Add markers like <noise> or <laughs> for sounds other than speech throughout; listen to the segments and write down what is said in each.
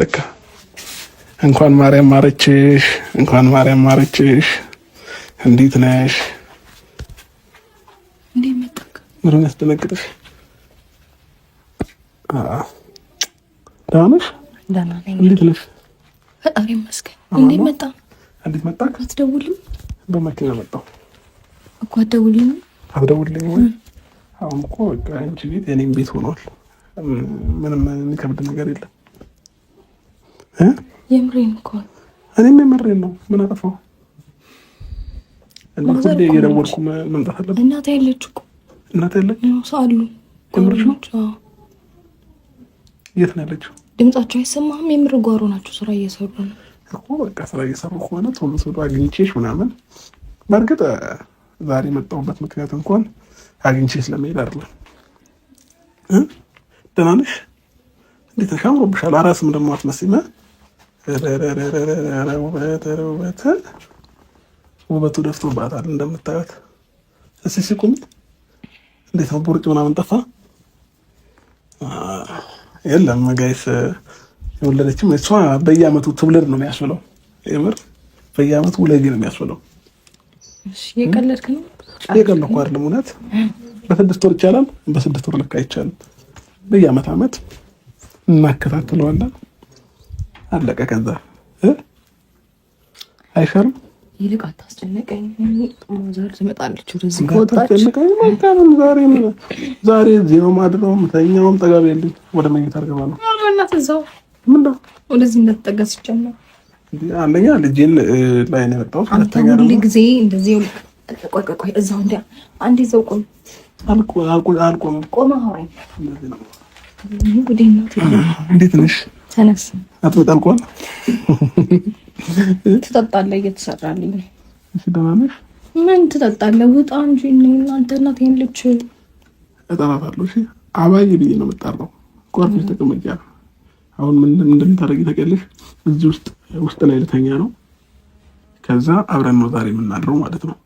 በቃ እንኳን ማርያም ማረችሽ፣ እንኳን ማርያም ማረችሽ። እንዴት ነሽ? እንዴት መጣክ? ምንም ያስደነግጥሽ? አዎ ደህና ነሽ? እንዴት ነሽ? ፈጣሪ ይመስገን። እንዴት መጣ? እንዴት መጣ? አትደውልም? በመኪና መጣሁ እኮ አትደውልኝ። አትደውልኝ ወይ? አሁን እኮ በቃ አንቺ ቤት የኔም ቤት ሆኗል። ምንም የሚከብድ ነገር የለም። የምሬን እኮ እኔም የምሬን ነው። ምን አጠፋው? ሁሌ እየደወልኩ መምጣት አለብህ። እናት ያለች እኮ እናት ያለች የት ነው ያለችው? ድምጻቸው አይሰማህም? የምር ጓሮ ናቸው። ስራ እየሰሩ ነው እኮ በቃ ስራ እየሰሩ ከሆነ ቶሎ ቶሎ አግኝቼሽ ምናምን። በእርግጥ ዛሬ የመጣሁበት ምክንያት እንኳን አግኝቼሽ ስለመሄድ አይደለም። ደህና ነሽ? እንዴት ነሽ? አምሮብሻል። አራስም ደግሞ አትመስይም። ውበት ውበቱ ደፍቶባታል። እንደምታዩት እስኪ ሲቁም እንዴት ነው? ቦርጭ ምናምን ጠፋ የለም ጋይስ። የወለደችም እሷ በየአመቱ ትውልድ ነው የሚያስብለው። የምር በየአመቱ ውለጊ ነው የሚያስብለው። የቀለኩ አይደለም እውነት። በስድስት ወር ይቻላል፣ በስድስት ወር ልክ አይቻልም። በየአመት አመት እናከታትለዋለን አለቀ። ከዛ አይሻልም? ይልቅ አታስጨነቀኝ። ዛሬ ትመጣለች ወደዚህ ዛሬ እዚህ ማድረው ምተኛውም ጠጋብ የለኝ ወደ መኝታ አርገባ ነው እናት ወደዚህ እንዳትጠጋ ሲጨመር አንደኛ ልጄን ላይ ነው የመጣሁት። ሁለተኛ ሁሌ ጊዜ እንደዚህ ቆይ ቆይ ቆይ እዛው እንዲ አንድ ይዘው ቆይ አልቆ አልቆ አልቆ ቆማ ሆይ እንዴት ነሽ? ተነስ አትወጣም። <laughs> ትጠጣለህ። እየተሰራልኝ ምን ትጠጣለህ? ውጣ እንጂ አባዬ ብዬ ነው የምጠራው። ተቀመጫ አሁን ምን እንደምታደርጊ እዚህ ውስጥ ውስጥ ላይ ልተኛ ነው። ከዛ አብረን ነው ዛሬ የምናድረው ማለት ነው።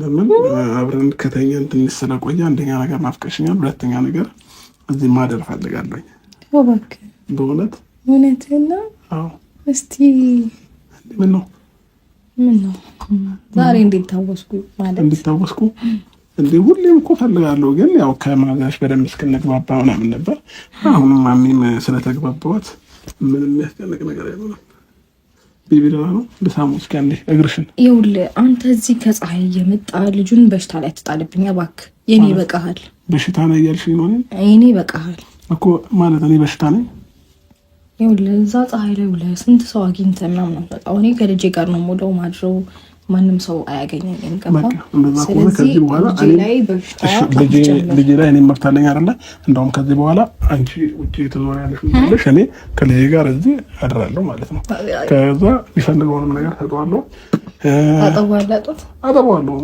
ለምን አብረን ከተኛን ትንሽ ስለቆየ አንደኛ ነገር ናፍቀሽኛል፣ ሁለተኛ ነገር እዚህ ማደር ፈልጋለኝ እባክህ በእውነት እውነትህን ነው። እስቲ ምን ነው ምን ነው ዛሬ እንዲታወስኩ ማለት እንዲታወስኩ እንዴ ሁሌም እኮ ፈልጋለሁ፣ ግን ያው ከማዛሽ በደንብ እስክንግባባ ምናምን ነበር። አሁንም ማሚም ስለተግባባዋት ምንም ያስጨንቅ ነገር ያለ ቢቢላ ነው ልሳሙ። እስኪ አንዴ እግርሽን ይኸውልህ፣ አንተ እዚህ ከፀሐይ የመጣ ልጁን በሽታ ላይ ትጣልብኛ ባክ። የኔ በቃሃል፣ በሽታ ላይ ያልሽ ነው የኔ በቃሃል እኮ ማለት እኔ በሽታ ነኝ። ይኸውልህ እዛ ፀሐይ ላይ ውለህ ስንት ሰው አግኝተህ ምናምን በቃ እኔ ከልጄ ጋር ነው የምውለው ማድረው ማንም ሰው አያገኘኝም። ልጄ ላይ እኔ መብት አለኝ አይደለ? እንደውም ከዚህ በኋላ አንቺ ውጭ ትዞሪያለሽ፣ እኔ ከልጄ ጋር እዚህ አድራለሁ ማለት ነው። ከዛ የሚፈልገውንም ነገር ሰጠዋለሁ፣ አጠባለሁ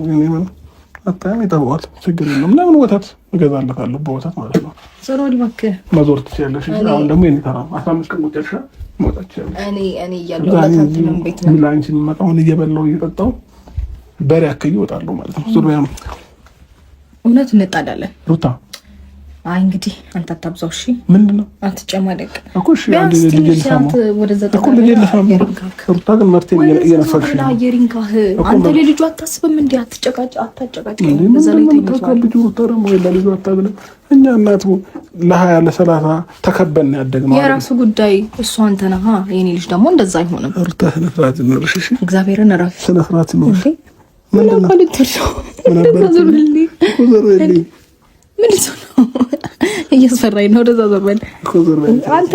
በጣም ይጠበዋል። ችግር የለም። ለምን ወተት እገዛለታለሁ በወተት ማለት ነው። ጸሎል ባክ መዞር ትችያለሽ። አሁን ደግሞ የኔ ተራ አስራ አምስት ቀን ቁጭ ያልሻል መውጣት ትችያለሽ። በሬ አክዬ እወጣለሁ ማለት ነው። ነው እውነት እንጣላለን ሩታ አይ እንግዲህ አንተ አታብዛው። እሺ ምንድን ነው አትጨማደቅ እኮ እሺ። አንድ ልጅ ወደ ሩታ ግን መርቴ ነው። አየሪንካህ አንተ ለልጁ አታስብም እንዴ? አትጨቃጭ አታጨቃጭ። በዛ ላይ ሩታ ደግሞ ወይ ልጁ አታብለ እኛ እናቱ ለሀያ ለሰላሳ ተከበን ያደግነው የራሱ ጉዳይ እሱ አንተ ነህ። የኔ ልጅ ደግሞ እንደዛ አይሆንም። ሩታ ስነ ስርዓት ይኖርሽ እሺ። እግዚአብሔርን ራሱ ስነ ስርዓት ይኖርሽ ምንድን ነው ምንድን ነው ዝብልልኝ ዝብልልኝ ምን ይዞ ነው? እያስፈራኝ ነው። ወደዛ ዘበል አንተ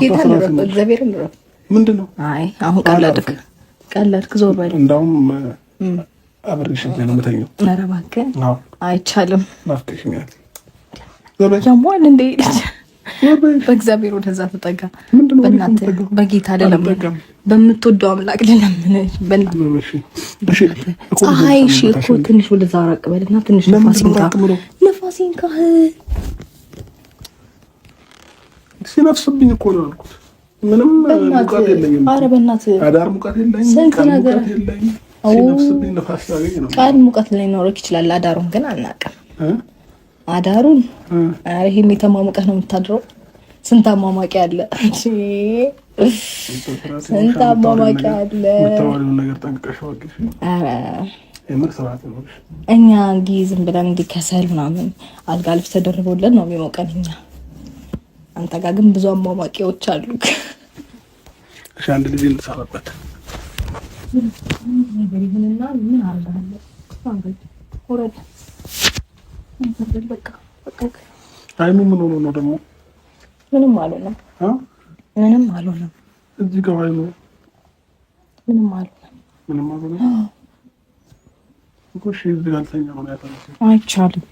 ጌታ ንረፍ፣ እግዚአብሔር ንረፍ። ምንድን ነው? አይ አሁን ቀለድክ፣ ቀለድክ። ዞር በል። እንዳውም አብሬሽ ነው የምተኛው። ኧረ እባክህ አይቻልም። ናፍቀሽኛል። ያሟል እንዴ በእግዚአብሔር ወደዛ ተጠጋ። በእናትህ በጌታ ልለምን፣ በምትወደው አምላክ ልለምን። ፀሐይ እሺ እኮ ትንሽ ወደዛ ራቅ በልና ትንሽ ፋሲንታ ንፋሴን ካህ ሲነፍስብኝ እኮ ነው ያልኩት። ምንም ሙቀት የለኝም። ኧረ በእናትህ አዳር ሙቀት የለኝም። ስንት ነገር ሲነፍስብኝ ንፋስ ያገኝ ነው። ቃል ሙቀት ሊኖረው ይችላል። አዳሩን ግን አናውቅም። አዳሩን ይህም የተማሙቀት ነው የምታድረው። ስንት አሟሟቂ አለ ስንት አሟሟቂ አለ። እኛ እንዲህ ዝም ብለን እንዲህ ከሰል ምናምን አልጋ ልብስ ተደርቦለን ነው የሚሞቀን። እኛ አንተ ጋር ግን ብዙ አሟሟቂዎች አሉ። አንድ ጊዜ እንሰራበት አይኑ ምን ሆኖ ነው ደግሞ? ምንም አልሆነም፣ ምንም አልሆነም። እዚህ ጋር አይኑ ምንም አልሆነም፣ ምንም አልሆነም። አይቻልም።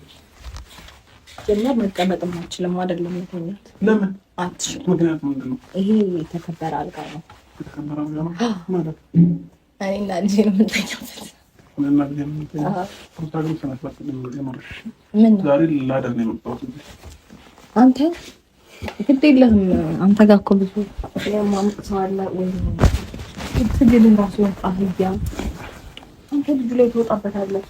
ጀመር መቀመጥም አችልም አይደለም። የተኛት ለምን አትችልም? ምክንያቱም ምንድን ነው ይሄ የተከበረ አልጋ ነው። እኔና ልጄ ነው የምንተኛበት። አንተ ግድ የለህም። አንተ ጋር እኮ ብዙ የማምጥ ሰው አለ ወይ ትግል ራሱ ወጣ አንተ ልጁ ላይ ትወጣበታለህ።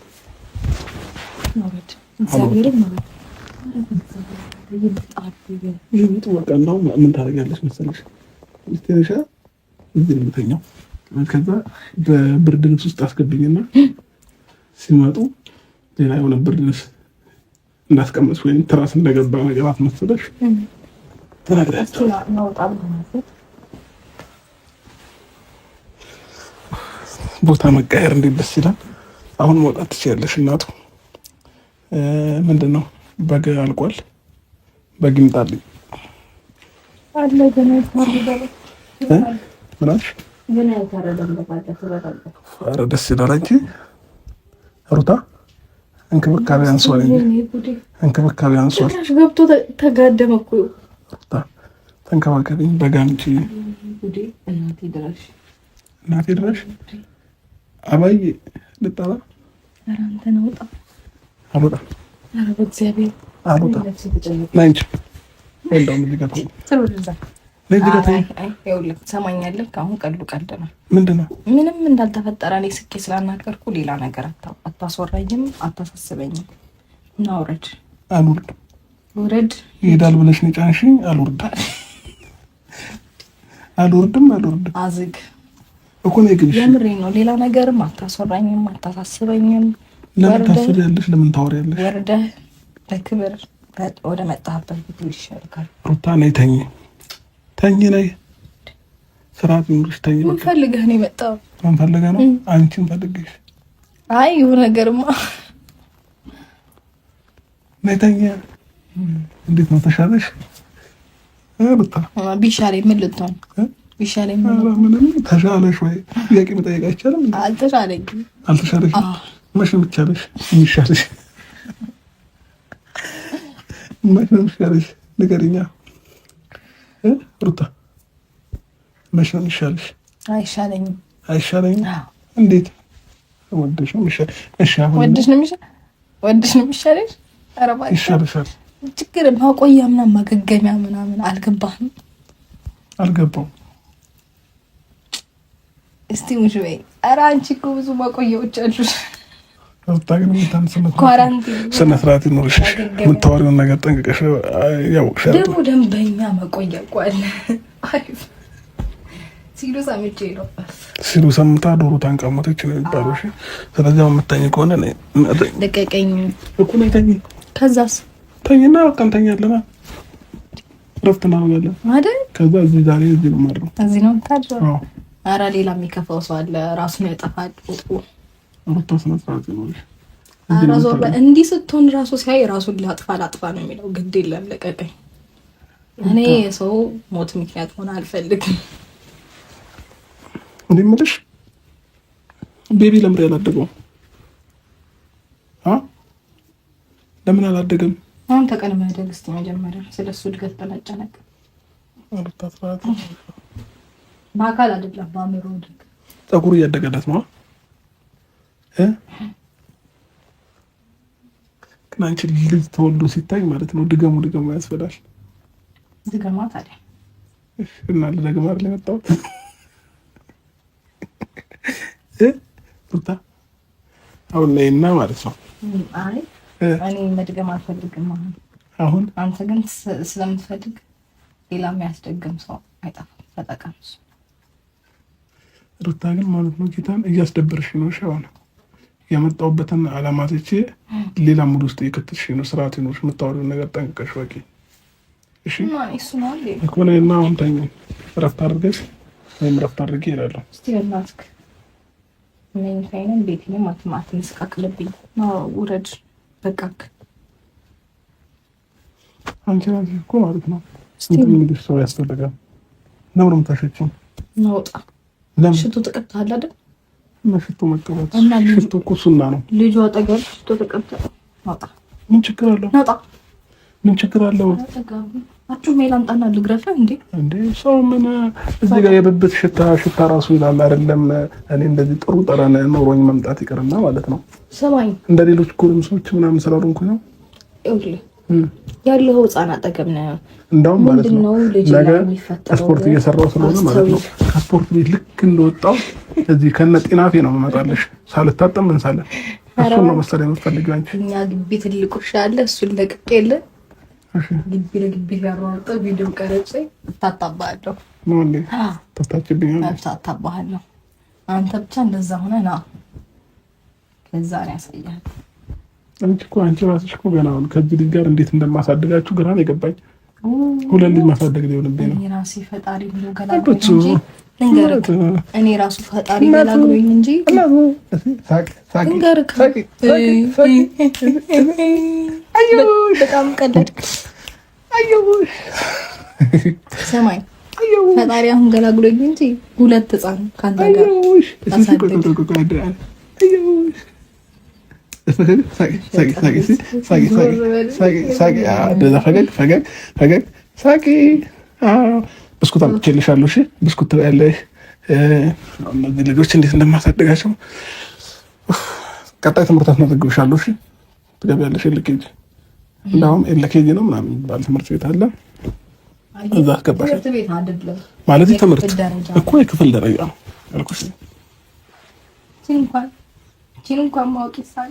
መውረድ እግዚአብሔርን መውረድ ምን ታደርጊያለሽ መሰለሽ ስትነሻ እዚህ ነው የምተኛው። ከዛ በብርድ ልብስ ውስጥ አስገብኝና ሲመጡ ሌላ የሆነ ብርድ ልብስ እንዳስቀመጥሽ ወይም ትራስ እንደገባ ነገር አስመስለሽ ተናግሪያቸው ቦታ መቀየር እንዴት ደስ ይላል። አሁን መውጣት ትችላለሽ። እናቱ ምንድን ነው በግ አልቋል። በግ ይምጣልኝ አለ ኧረ ደስ ይላል። አንቺ ሩታ እንክብካቤ አንሷል እንክብካቤ አንሷል። ገብቶ ተጋደመ እኮ ሩታ ተንከባከቢኝ። በግ አምጪ እናቴ ድረሽ እናቴ ድረሽ አባዬ ልጠራ ሰማኛለህ። አሁን ቀሉ ቀልድ ነው። ምንድን ነው ምንም እንዳልተፈጠረ እኔ ስኬ ስላናገርኩ ሌላ ነገር አታስወራኝም፣ አታሳስበኝም። እና ውረድ። አልወርድ ውረድ። ይሄዳል ብለሽ ነው የጫንሽኝ። አልወርድም፣ <laughs> አልወርድም፣ አልወርድም። አዝግ እኮ ነው ግን የምሬ ነው። ሌላ ነገርም አታስወራኝም፣ አታሳስበኝም። ለምን ታስቢያለሽ? ለምን ታወሪያለሽ? ወርደህ በክብር ወደ መጣህበት ብትል ይሻልካል። ሩታ ነይ ተኝ ተኝ ነይ ስርዓት ይኑርሽ። ተኝ ምን ፈልገህ ነው የመጣው? ምን ፈልገህ ነው? አንቺን ፈልገሽ። አይ ይሁን ነገርማ ነይ ተኝ። እንዴት ነው ተሻለሽ ሩታ? ቢሻለኝ ምን ልትሆን ምንም ተሻለሽ ወይ ጥያቄ መጠየቅ አይቻልም? መቼ ነው የሚቻለሽ? የሚሻለሽ መቼ ነው የሚሻለሽ? ንገሪኛ ሩታ፣ መቼ ነው የሚሻለሽ? አይሻለኝም። አይሻለኝም? እንዴት ወደሽ ነው የሚሻለሽ? ይሻለሻል። ችግር ማቆያ ምናምን ማገገሚያ ምናምን አልገባህም? አልገባውም እስቲ ሙሽ በይ። ኧረ አንቺ እኮ ብዙ ማቆያዎች ስነ ስርዓት ይኖርሽ። የምታወሪውን ነገር ጠንቅቀሽ ደግሞ ደንበኛ ሲሉ ሰምታ ዶሮ ታንቀመጠች ነው የሚባለው። ስለዚህ የምታኝ ከሆነ ልቀቀኝ እኮ ነው ተኝ። ከዛስ ተኝና በቃ እንተኛለና ረፍት እናደርጋለን አይደል? ከዛ እዚህ ዛሬ እዚህ ነው የማድረው። አረ ሌላ የሚከፋው ሰው አለ፣ ራሱን ያጠፋል። እንዲህ ስትሆን ራሱ ሲያይ ራሱን ላጥፋ ላጥፋ ነው የሚለው። ግድ የለም ለቀቀኝ። እኔ የሰው ሞት ምክንያት ሆነ አልፈልግም። እንዴ የምልሽ ቤቢ ለምር ያላደገው ለምን አላደገም? አሁን ተቀልማ ያደግ እስኪ መጀመሪያ ስለሱ እድገት ተነጨነቅ በአካል አይደለም በአእምሮ ጸጉሩ እያደገለት ነው። ግን አንቺ ልጅ ተወልዶ ሲታይ ማለት ነው ድገሙ ድገሙ ያስፈላል። ድገማ ታዲያ እና ልደግም አይደል የመጣሁት ሩታ አሁን ላይ እና ማለት ነው። እኔ መድገም አልፈልግም። አሁን አንተ ግን ስለምትፈልግ ሌላ የሚያስደግም ሰው አይጠፋም። ተጠቀም። ሩታ ግን ማለት ነው ጌታን እያስደበርሽ ነው። እሺ ሆነ የመጣሁበትን ዓላማ ትቼ ሌላ ሙድ ውስጥ የከተትሽ ነው። ስርዓት ይኖርሽ፣ የምታወሪውን ነገር ጠንቅቀሽ ወቂ። እሺ እኮ ነይ እና አሁን ተኝ፣ እረፍት አድርገሽ ወይም እረፍት አድርጌ ይላለሁ። እስቲ በእናትህ ስቃቅልብኝ ውረድ። በቃክ አንቺ እኮ ማለት ነው ስንት ሰው ያስፈልጋል። ነምርም ተሸችም ነውጣ ሽቶ ተቀብተሃል አይደል? እና ሽቶ መቀባት ሽቶ እኮ ሱና ነው። ልጁ አጠገብ ሽቶ ተቀብተሃል። ናውጣ። ምን ችግር አለው? ናውጣ። ምን ችግር አለው? አችሁ ሜል አምጣና ልግረፈ እንዴ! እንዴ ሰው ምን እዚህ ጋር የብብት ሽታ ሽታ ራሱ ይላል አይደለም። እኔ እንደዚህ ጥሩ ጠረን ኖሮኝ መምጣት ይቅርና ማለት ነው። ሰማኝ እንደ ሌሎች ጎረምሶች ምናምን ስላልሆንኩ ነው። ይኸውልህ ያለው ህፃን አጠገብ ነው። እንደውም ማለት ነው ነገ ስፖርት እየሰራው ስለሆነ ማለት ነው ከስፖርት ቤት ልክ እንደወጣው እዚህ ከነ ጤናፌ ነው መመጣለሽ። ሳልታጠም እንሳለን። እሱን ነው መሰለኝ የምትፈልጊው አንቺ። እኛ ግቢ ትልቁ አለ፣ እሱን ለቅቄ የለ ግቢ ለግቢ ያሯጠው ቪዲዮ ቀረጽ እታጣባለሁ። ተፍታችብኛለሽ። ታጣባለሁ። አንተ ብቻ እንደዛ ሆነ ና ከዛ ነው ያሳያል አንቺ እኮ አንቺ ራስሽ እኮ ገና አሁን ከዚህ ልጅ ጋር እንዴት እንደማሳደጋችሁ ግራ ነው የገባኝ። ሁለት ልጅ ማሳደግ ሊሆንብኝ ነው። እኔ ራሱ ፈጣሪ ገላግሎኝ እንጂ በጣም ፈጣሪ አሁን ገላግሎኝ እንጂ ሁለት ህፃን። ከአንተ ጋር ፈገግ ሳቂ። ብስኩት አምጥቼልሻለሁ። እሺ ብስኩት ትበያለሽ። እነዚህ ልጆች እንዴት እንደማሳደጋቸው ቀጣይ ትምህርት አስመዘግብሻለሁ። እሺ ትገቢያለሽ ኤልኬጂ። እንዳውም ኤልኬጂ ነው ምናምን የሚባል ትምህርት ቤት አለ። እዛ አስገባሽ ማለት ትምህርት እኮ የክፍል ደረጃ ነው ያልኩሽ። እንኳን ማወቅ ይሳል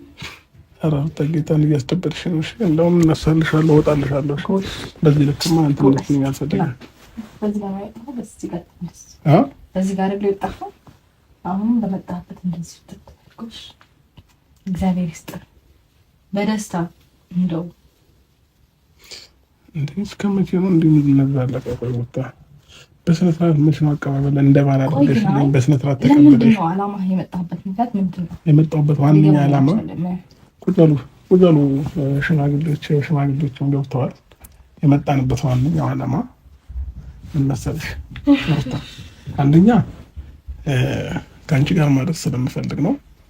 ኧረ ጌታን እያስደበድሽ ነው። እንደውም እነሳልሻለሁ፣ እወጣልሻለሁ። በዚህ ልክማ አንተ ልክ የሚያልፈልግ በዚህ ጋር አሁን በመጣበት እንደዚህ እግዚአብሔር ይስጥ በደስታ እንደው ወጣ በስነ ስርዓት መቼ ነው አቀባበል በስነ ስርዓት ተቀበለሽ? ነው ምክንያት የመጣሁበት ዋነኛ ዓላማ ቁጫሉ ቁጫሉ ሽማግሌዎች ሽማግሌዎችም ገብተዋል። የመጣንበት ዋነኛው ዓላማ ምን መሰለሽ፣ አንደኛ ከአንቺ ጋር ማድረስ ስለምፈልግ ነው